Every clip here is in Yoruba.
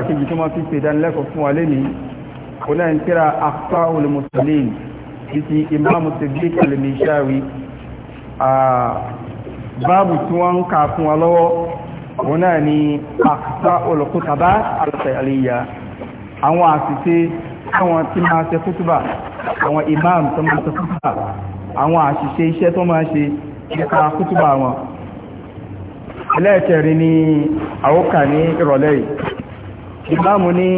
kí tó máa fi pè dánilẹ́kọ̀ọ́ fún wa lé ní ọlá ń kíra afá olùmùsùlùmí títí imáàmù siddiq al-mishawi báàbù tí wọ́n ń kà fún wa lọ́wọ́ wọn náà ni àkùsá olùkútàbá alùsàlìyà àwọn àṣìṣe àwọn tí máa ṣe kútùbà àwọn imáàmù tó máa ṣe kútùbà àwọn àṣìṣe iṣẹ́ tó máa ṣe nípa kútùbà wọn ẹlẹ́ẹ̀kẹrin ni àwọ́kà ní ìrọ̀lẹ́ yìí ìbámu ní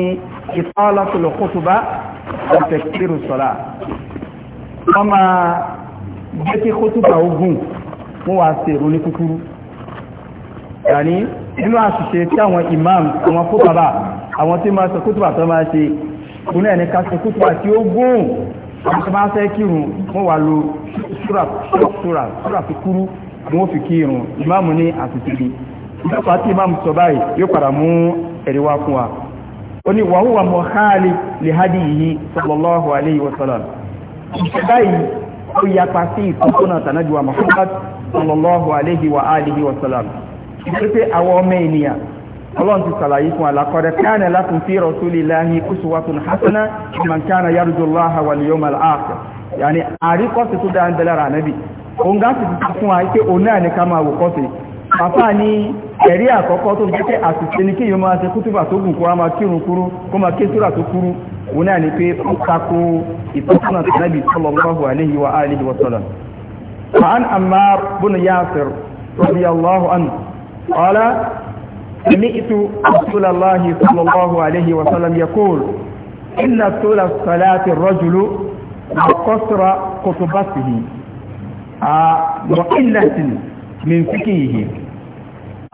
ìtọ́lọ́tòlò kótóbá àtẹ̀kírù sọ́lá wọ́n máa jẹ́ kí kótóbá ogun wọ́n wá sí èrò ní kúkúrú yàní nínú àṣìṣe tí imam àwọn kótóbá àwọn tí máa sọ kótóbá tó máa ṣe kúnlẹ̀ ní ká sọ kótóbá tí ó gùn àwọn tó máa fẹ́ kírun wọ́n wá lo súrà súrà súrà fi kúrú fi kírun imam ní àṣìṣe ni ìjọba tí imam sọ báyìí yóò padà mú ẹ̀rí wá fún wa ó ní wa huwa mọ̀háàlì lè hádì yìí sallallahu alayhi wa sallam báyìí ó yapa sí ìtọ́sọ́nà tànájúwa Muhammad sallallahu alayhi wa alihi wa sallam pé àwọn ọmọ ènìyàn ọlọ́run ti sàlàyé fún àlàkọ́rẹ́ káàna lakum fi rasulillahi uswatun hasana man káàna yarjullaha àfáà ní ẹ̀rí àkọ́kọ́ tó jẹ́ pé àsìsẹ́ ní kí yíò máa ṣe kútùbà tó gùn kó a máa kírun kúrú kó máa ké súrà tó kúrú òun náà ni pé ó tako ìtọ́sọ́nà tàbí sallallahu alayhi wa alihi wa sallam fa'an Ammar bin Yasir radiyallahu anhu qala sami'tu rasulallahi sallallahu alayhi wa sallam yaqul inna tula salati ar-rajulu wa qasra khutbatihi wa qillati min fiqhihi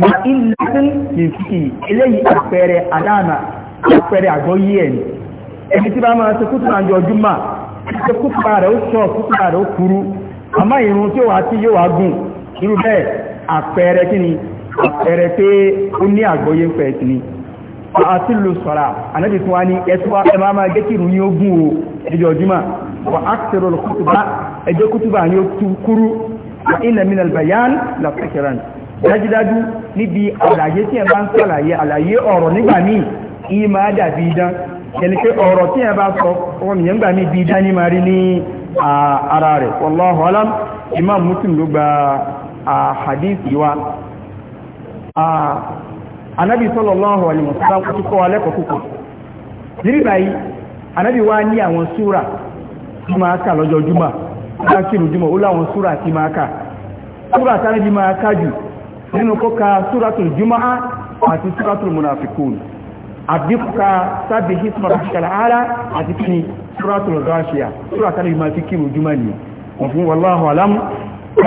ma ilẹ̀ ní fi eléyìí àpẹẹrẹ àdáàmà àpẹẹrẹ àgbọ́yé ẹ̀ ẹni tí bá máa ṣe kútùbà ní ọdún máa ṣe kútùbà rẹ̀ ó sọ kútùbà rẹ̀ ó kúrú àmá ìrun tí ó wà tí yóò wá gùn irú bẹ́ẹ̀ àpẹẹrẹ kí ni àpẹẹrẹ pé ó ní àgbọ́yé pẹ̀ kí ni àti ní ẹtùwá ẹ máa máa ni ó kúrú wà ilẹ̀ dájúdájú níbi àlàyé tí ẹ bá ń sàlàyé àlàyé ọ̀rọ̀ nígbà míì ìyí máa dàbí idán ẹni pé ọ̀rọ̀ tí ẹ bá sọ ọmọ ìyẹn gbà míì bí idán ní máa rí ní ara rẹ̀ wallahu imam muslim ló gba hadith yìí wá anabi sallallahu alaihi wasallam kò kọ́ wa lẹ́kọ̀ọ́ kúkú níbi báyìí anabi wá ní àwọn súra tí máa kà lọ́jọ́ júmọ̀ bá kírun júmọ̀ ó láwọn súra tí máa kà súra tí anabi máa kà jù nínú kó ka súratul juma'a àti súratul munafikun àbí kó sábẹ̀ hisma rafikal ala àti kí súratul ghashiya súrata ní ma fi kírù juma ni wọ́n fún wallahu alam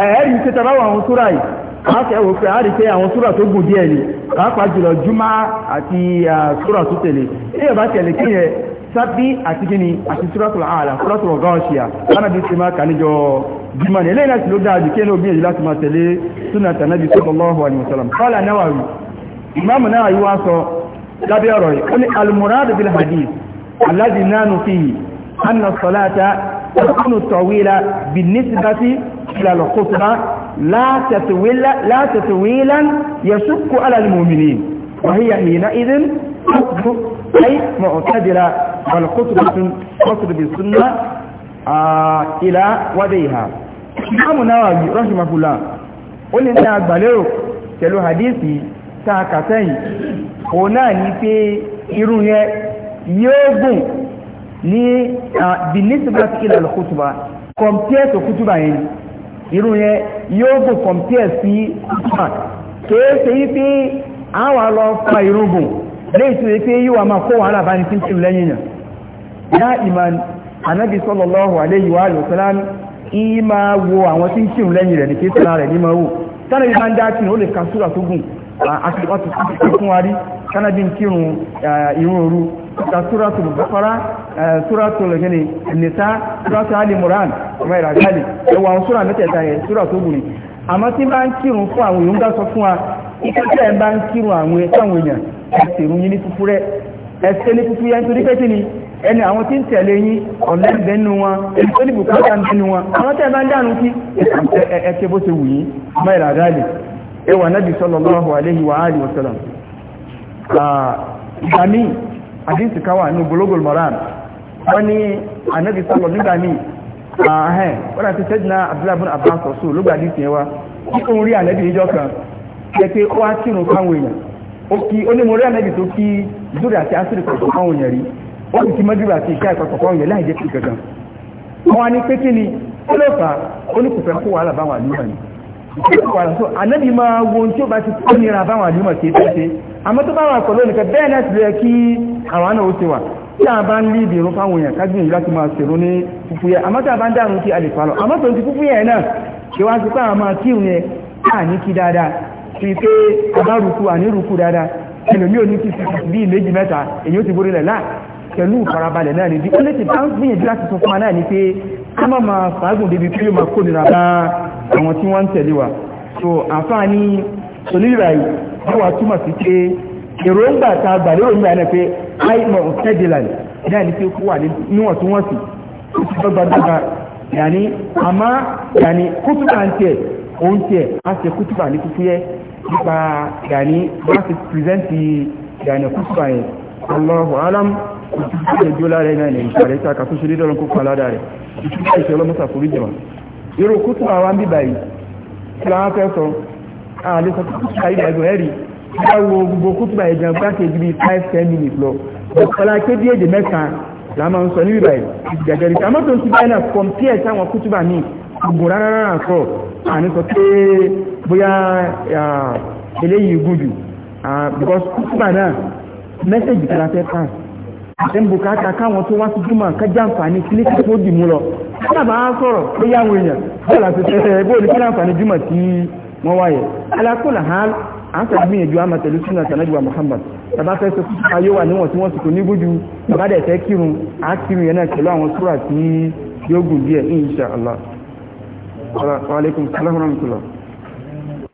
ẹ̀ẹ́rì ti tara àwọn súra yìí láti ẹwọ pé a àwọn juma àti súra tó tẹ̀lé ilẹ̀ bá tẹ̀lé kí yẹ sábí àti gini àti súratul ààlà súratul ghashiya lánàbí ti máa kà níjọ jùmọ̀ ní ilé ìrìnàṣì ló dáa jù kí ẹni obìnrin láti máa tẹ̀lé súnà tànàbí sallallahu alaihi wasallam qala Nawawi ìmáàmù náà yíwá sọ lábẹ́ ọ̀rọ̀ yìí ó ní al-murad bil hadith alladhi nanu fihi anna salata takunu tawila bin-nisbati ila al-khutbah la tatwila la tatwilan yashukku ala al-mu'minin wa hiya hina'idhin حكم أي معتدلة والقطرة قطر بالسنة آه إلى وديها الإمام النووي رحمه الله ó ní tá a gbàlérò hadithi tá a kà sẹ́yìn òun náà ní pé irú yẹn yóò gùn ní binisibati ilà lọ́kùtùbà compare to kùtùbà yẹn irú yẹn yóò gùn compare sí kùtùbà kìí ṣe yí pé àwọn àlọ́ fa irú gùn lẹ́yìn tó yẹ pé yíwa máa kó wàhálà bá ní tí ń tì lẹ́yìn yàn. I ma wo àwọn tí ń kírun lẹ́yìn rẹ̀ ní kí tọ́lá rẹ̀ ní máa tánàbí máa ń dá ó lè ka súrà tó gùn àti ọtí fún wa rí tánàbí ń kírun òru ka súrà tó bọ́kọ́rá súrà tó lẹ́gbẹ́ nìta súrà tó moran ọmọ ẹwà àwọn mẹ́tẹ̀ẹ̀ta yẹn tó gùn ni àmọ́ tí bá ń kírun fún àwọn èèyàn sọ fún wa ìkẹ́kẹ́ ẹ̀ bá ń kírun àwọn èèyàn yín ní ní ẹni àwọn tí ń tẹ̀lé yín ọ̀lẹ́ ń bẹnu wọn ẹni tó ní bùkátà ń bẹnu wọn àwọn tẹ́ bá ń dànù kí ẹ̀kẹ́ bó ṣe wù yín nábì wa alihi wa sallam ìgbà míì àdínsì káwà ní bulugul maram wọ́n ní ànábì sọlọ nígbà míì ààhẹ́n wọ́n láti sayyidina Abdullahi Abbas ló gbàdí kí òun rí ànábì níjọ́ kan ó wá èèyàn ó ní mo ó sì ti mọ́júbà àti ìṣá ìpapọ̀pọ̀ yẹ láì jẹ́ sí kankan wọn ni pé kí ni ó lè fà ó ní kò fẹ́ kó wàhálà báwọn àlúmọ̀ ni ànábì máa wo tí ó bá ti kó nira báwọn àlúmọ̀ tí ó ṣe àmọ́ tó báwọn àkọlọ́ nìkan bẹ́ẹ̀ náà ti rẹ̀ kí àwọn náà ó ti wà tí a bá ń lé ìbèrún fáwọn èèyàn kágbìyànjú láti máa ṣèrò ní fúfúyẹ́ àmọ́ tí a bá ń dárun tí a lè falọ̀ àmọ́ tó ń ti fúfúyẹ́ náà dáadáa ẹlòmí ò bí méjì mẹ́ta èyí ó ti borí lẹ̀ láà pẹ̀lú ìfarabalẹ̀ náà ní bí ó lè ti bá ń gbìyànjú láti sọ fún wa náà ní pé ká má máa fàágùn débi pé yóò máa kó nira bá àwọn tí wọ́n ń tẹ̀lé wa so àǹfààní solíra yìí wọ́n wá túmọ̀ sí pé èròǹgbà ta gbàlérò ń gbà náà pé àìmọ̀ òtẹ́dìlà náà ní pé kó wà níwọ̀ntúnwọ̀nsì ó ti dọ́gbadọ́gba yàní àmọ́ yàní kútùbà ń tiẹ̀ òun tiẹ̀ á ṣe kútùbà ní fúfúyẹ́ nípa yàní wọ́n ti pìrìsẹ́ǹtì yàní kútùbà yẹn Allahu alam ìjọ lára iná ilẹ̀ ìṣàrẹ́ ìta àkàtúnṣe nídọ́rùn kó paládà rẹ̀ ìṣúgbà ìṣẹ́ ọlọ́mọ́sà forí jẹ̀wà irú kú tún àwọn bíbà yìí tí láwọn fẹ́ sọ àlẹ́ sọ kúkú sí àyíká ẹgbẹ́ ẹ̀rí gbogbo kú tún because kú náà mẹ́sẹ̀jì kan la fẹ́ pass àti bùkátà káwọn tó wá sí júmọ̀ kájàǹfààní kílíkì tó dì mú lọ sábà á sọ̀rọ̀ pé yáwọn èèyàn bóòlù àti tẹ́tẹ́ bóòlù kílàǹfààní júmọ̀ tí wọ́n wáyẹ̀ alákòlà hàn án sọ gbìyànjú àmà tẹ̀lú súnà tànájúwà Muhammad bàbá fẹ́ sọ fún ayé wà níwọ̀n tí wọ́n sì kò ní gbójú bàbá dẹ̀ fẹ́ kírun á kírun yẹn náà pẹ̀lú àwọn súrà tí yóò gùn díẹ̀ insha Allah wa alaikum